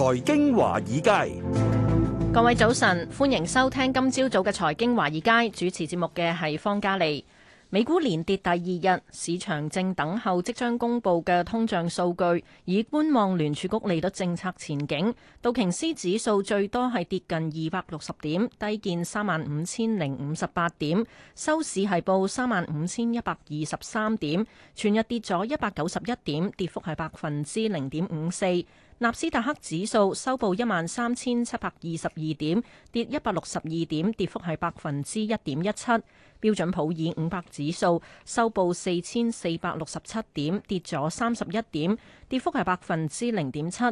財經華爾街，各位早晨，歡迎收聽今朝早嘅財經華爾街主持節目嘅係方嘉利。美股連跌第二日，市場正等候即將公布嘅通脹數據，以觀望聯儲局利率政策前景。道瓊斯指數最多係跌近二百六十點，低見三萬五千零五十八點，收市係報三萬五千一百二十三點，全日跌咗一百九十一點，跌幅係百分之零點五四。納斯達克指數收報一萬三千七百二十二點，跌一百六十二點，跌幅係百分之一點一七。標準普爾五百指數收報四千四百六十七點，跌咗三十一點，跌幅係百分之零點七。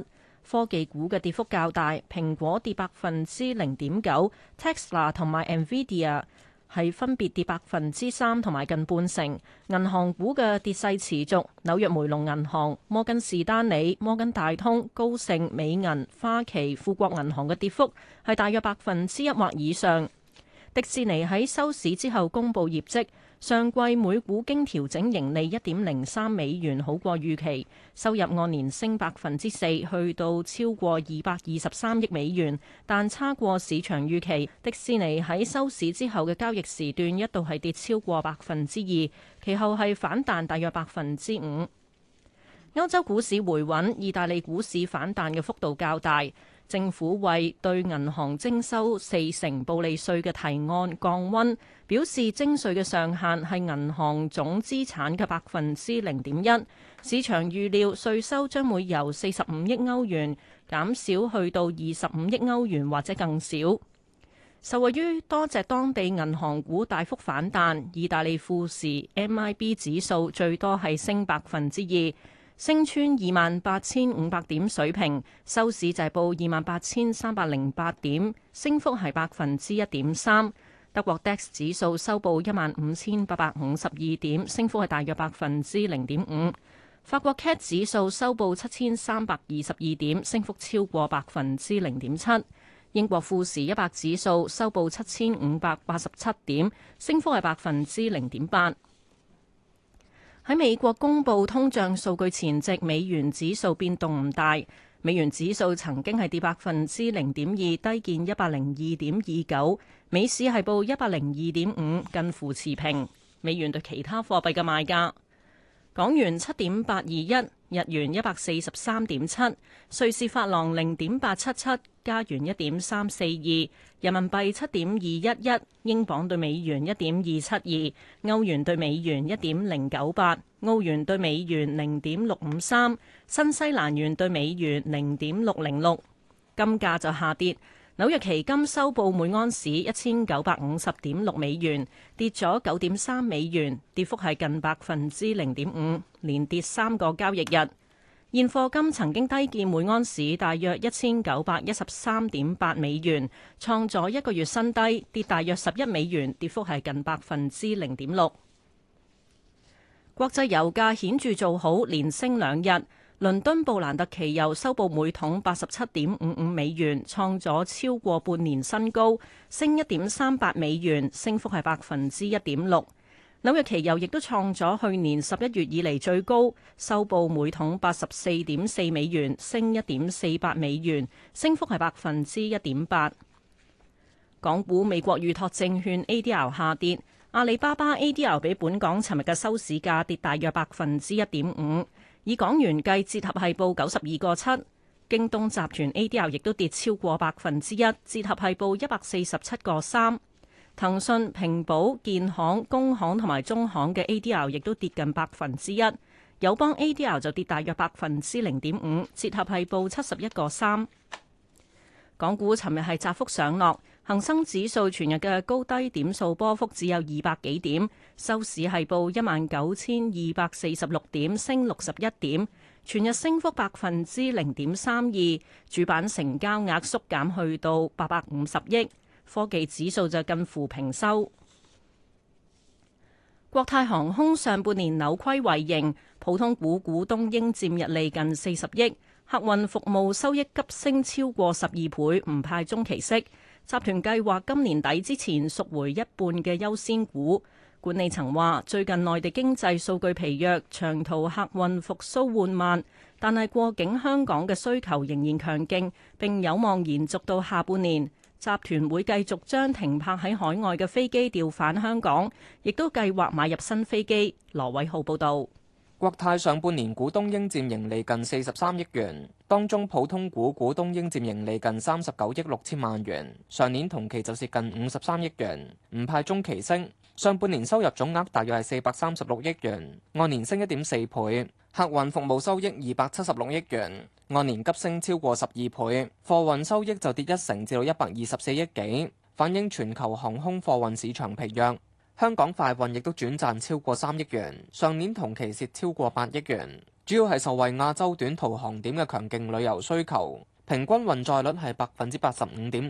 科技股嘅跌幅較大，蘋果跌百分之零點九，Tesla 同埋 Nvidia。係分別跌百分之三同埋近半成，銀行股嘅跌勢持續。紐約梅隆銀行、摩根士丹利、摩根大通、高盛、美銀、花旗、富國銀行嘅跌幅係大約百分之一或以上。迪士尼喺收市之後公布業績。上季每股經調整盈利一點零三美元，好過預期，收入按年升百分之四，去到超過二百二十三億美元，但差過市場預期。迪士尼喺收市之後嘅交易時段一度係跌超過百分之二，其後係反彈大約百分之五。歐洲股市回穩，意大利股市反彈嘅幅度較大。政府為對銀行徵收四成暴利稅嘅提案降溫，表示徵稅嘅上限係銀行總資產嘅百分之零點一。市場預料稅收將會由四十五億歐元減少去到二十五億歐元或者更少。受惠於多隻當地銀行股大幅反彈，意大利富時 MIB 指數最多係升百分之二。升穿二萬八千五百點水平，收市就係報二萬八千三百零八點，升幅係百分之一點三。德國 DAX 指數收報一萬五千八百五十二點，升幅係大約百分之零點五。法國 CAC 指數收報七千三百二十二點，升幅超過百分之零點七。英國富時一百指數收報七千五百八十七點，升幅係百分之零點八。喺美國公布通脹數據前夕，美元指數變動唔大，美元指數曾經係跌百分之零點二，低見一百零二點二九，美市係報一百零二點五，近乎持平。美元對其他貨幣嘅賣價。港元七點八二一，日元一百四十三點七，瑞士法郎零點八七七，加元一點三四二，人民幣七點二一一，英鎊對美元一點二七二，歐元對美元一點零九八，澳元對美元零點六五三，新西蘭元對美元零點六零六，金價就下跌。紐約期金收報每盎司一千九百五十點六美元，跌咗九點三美元，跌幅係近百分之零點五，連跌三個交易日。現貨金曾經低見每盎司大約一千九百一十三點八美元，創咗一個月新低，跌大約十一美元，跌幅係近百分之零點六。國際油價顯著做好，連升兩日。倫敦布蘭特期油收報每桶八十七點五五美元，創咗超過半年新高，升一點三八美元，升幅係百分之一點六。紐約期油亦都創咗去年十一月以嚟最高，收報每桶八十四點四美元，升一點四八美元，升幅係百分之一點八。港股美國預託證券 ADR 下跌，阿里巴巴 ADR 比本港尋日嘅收市價跌大約百分之一點五。以港元計，折合係報九十二個七；京東集團 ADR 亦都跌超過百分之一，折合係報一百四十七個三；騰訊、平保、建行、工行同埋中行嘅 ADR 亦都跌近百分之一；友邦 ADR 就跌大約百分之零點五，折合係報七十一個三。港股尋日係窄幅上落。恒生指數全日嘅高低點數波幅只有二百幾點，收市係報一萬九千二百四十六點，升六十一點，全日升幅百分之零點三二。主板成交額縮減去到八百五十億。科技指數就近乎平收。國泰航空上半年扭虧為盈，普通股股東應占溢利近四十億，客運服務收益急升超過十二倍，唔派中期息。集團計劃今年底之前贖回一半嘅優先股。管理層話，最近內地經濟數據疲弱，長途客運復甦緩慢，但係過境香港嘅需求仍然強勁，並有望延續到下半年。集團會繼續將停泊喺海外嘅飛機調返香港，亦都計劃買入新飛機。羅偉浩報導。國泰上半年股東應佔盈利近四十三億元，當中普通股股東應佔盈利近三十九億六千萬元，上年同期就蝕近五十三億元，唔派中期息。上半年收入總額大約係四百三十六億元，按年升一點四倍。客運服務收益二百七十六億元，按年急升超過十二倍。貨運收益就跌一成，至到一百二十四億幾，反映全球航空貨運市場疲弱。香港快運亦都轉賺超過三億元，上年同期蝕超過八億元，主要係受惠亞洲短途航點嘅強勁旅遊需求，平均運載率係百分之八十五點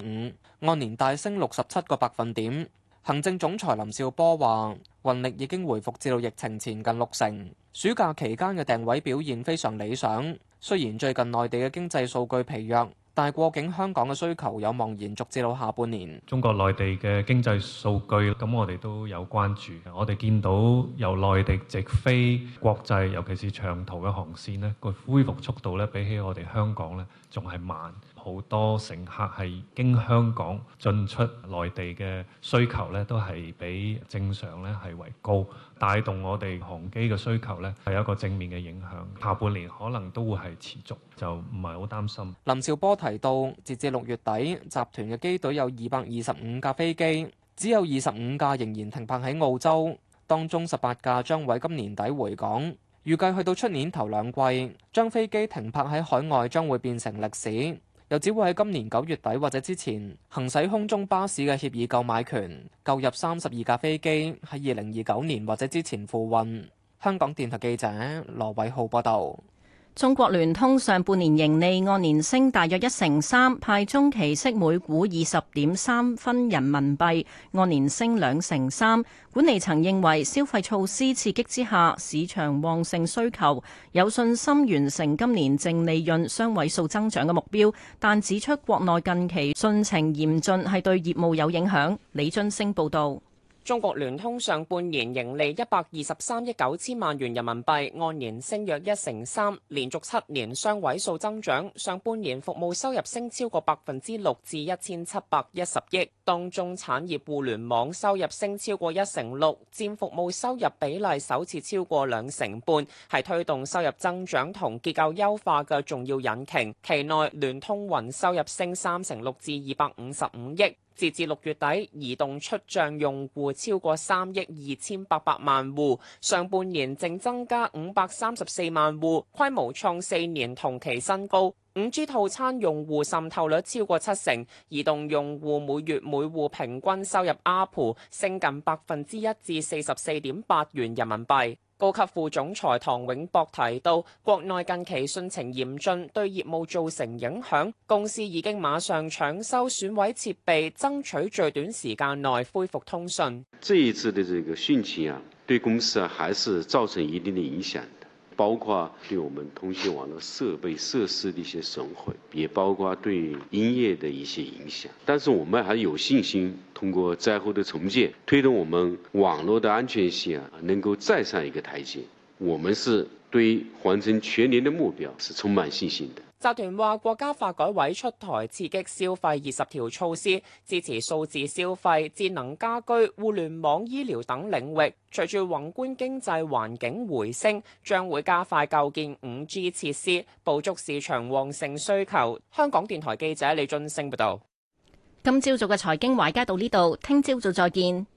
五，按年大升六十七個百分點。行政總裁林少波話：運力已經回復至到疫情前近六成，暑假期間嘅訂位表現非常理想。雖然最近內地嘅經濟數據疲弱，但過境香港嘅需求有望延續至到下半年。中國內地嘅經濟數據，咁我哋都有關注。我哋見到由內地直飛國際，尤其是長途嘅航線咧，個恢復速度咧，比起我哋香港咧，仲係慢好多。乘客係經香港進出內地嘅需求咧，都係比正常咧係為高。帶動我哋航機嘅需求呢，係一個正面嘅影響。下半年可能都會係持續，就唔係好擔心。林兆波提到，截至六月底，集團嘅機隊有二百二十五架飛機，只有二十五架仍然停泊喺澳洲，當中十八架將會今年底回港。預計去到出年頭兩季，將飛機停泊喺海外將會變成歷史。又只會喺今年九月底或者之前行使空中巴士嘅協議購買權，購入三十二架飛機，喺二零二九年或者之前付運。香港電台記者羅偉浩報道。中國聯通上半年盈利按年升大約一成三，派中期息每股二十點三分人民幣，按年升兩成三。管理層認為消費措施刺激之下，市場旺盛需求，有信心完成今年淨利潤雙位數增長嘅目標，但指出國內近期汛情嚴峻係對業務有影響。李津升報道。中國聯通上半年盈利一百二十三億九千萬元人民幣，按年升約一成三，連續七年雙位數增長。上半年服務收入升超過百分之六至一千七百一十億。當中產業互聯網收入，升超過一成六，佔服務收入比例首次超過兩成半，係推動收入增長同結構優化嘅重要引擎。期內聯通雲收入升三成六至二百五十五億，截至六月底，移動出賬用戶超過三億二千八百萬戶，上半年淨增加五百三十四萬戶，規模創四年同期新高。五 G 套餐用戶滲透率超過七成，移動用戶每月每戶平均收入 ARPU 升近百分之一至四十四點八元人民幣。高級副總裁唐永博提到，國內近期汛情嚴峻，對業務造成影響，公司已經馬上搶修損毀設備，爭取最短時間內恢復通訊。這一次的這個汛情啊，對公司啊還是造成一定的影響。包括對我們通信網絡設備設施的一些損毀，也包括對營業的一些影響，但是我們還有信心，通過災後的重建，推動我們網絡的安全性啊能夠再上一個台階，我們是對於完成全年的目標是充滿信心的。集團話，國家發改委出台刺激消費二十條措施，支持數字消費、智能家居、互聯網醫療等領域。隨住宏觀經濟環境回升，將會加快構建五 G 設施，捕捉市場旺盛需求。香港電台記者李津升報道。今朝早嘅財經華爾街到呢度，聽朝早再見。